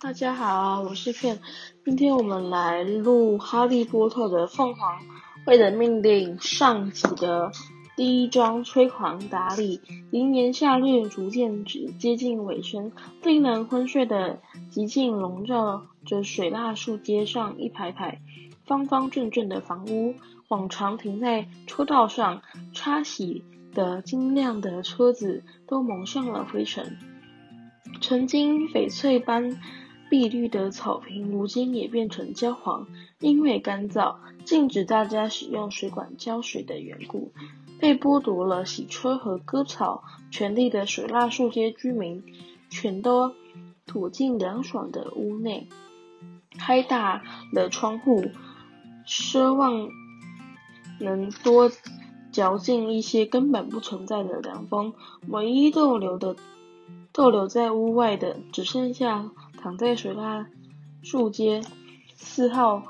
大家好，我是片。今天我們來錄《哈利波特的鳳凰會的密令》上集的第一章《催狂達力》。炎炎夏日逐漸接近尾聲，令人昏睡的寂靜籠罩着水蠟樹街上一排排方方正正的房屋。往常停在車道上擦洗得晶亮的車子都蒙上了灰塵，曾經翡翠般。碧綠的草坪如今也變成焦黃，因為乾燥，禁止大家使用水管澆水的緣故，被剝奪了洗車和割草權利的水蠟樹街居民，全都躲進涼爽的屋內，開大了窗戶，奢望能多嚼進一些根本不存在的涼風。唯一逗留的、逗留在屋外的，只剩下。躺在水蠟樹街四號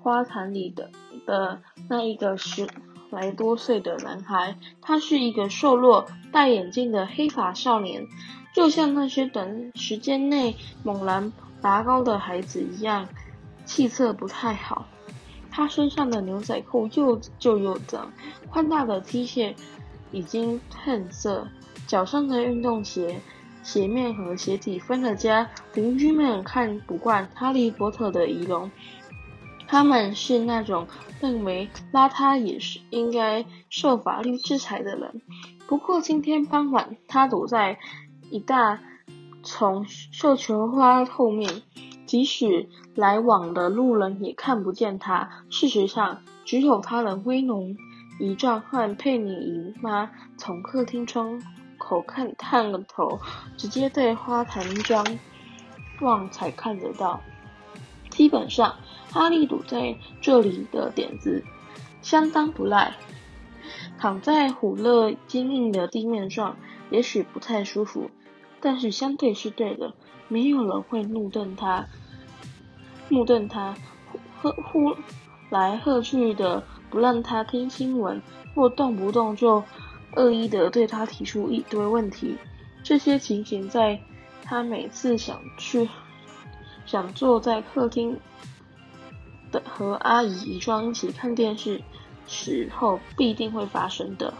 花壇裡的的那一個十來多歲的男孩，他是一個瘦弱、戴眼鏡的黑髮少年，就像那些短時間內猛然拔高的孩子一樣，氣色不太好。他身上的牛仔褲又舊又髒，寬大的 T 恤已經褪色，腳上的運動鞋。鞋面和鞋底分了家。鄰居們看不慣哈利波特的儀容，他們是那種認為邋遢也是應該受法律制裁的人。不過今天傍晚，他躲在一大叢繡球花後面，即使來往的路人也看不見他。事實上，只有他的威農姨丈和佩妮姨媽從客廳中頭看探個頭，直接對花壇張望才看得到。基本上，哈利堵在這裡的點子相當不賴。躺在虎勒堅硬的地面上，也許不太舒服，但是相對是對的。沒有人會怒瞪他、怒瞪他，呼呼來喝去的，不讓他聽新聞，或動不動就。惡意地對他提出一堆問題，這些情形在他每次想去想坐在客廳的和阿姨姨丈一起看電視時候必定會發生的。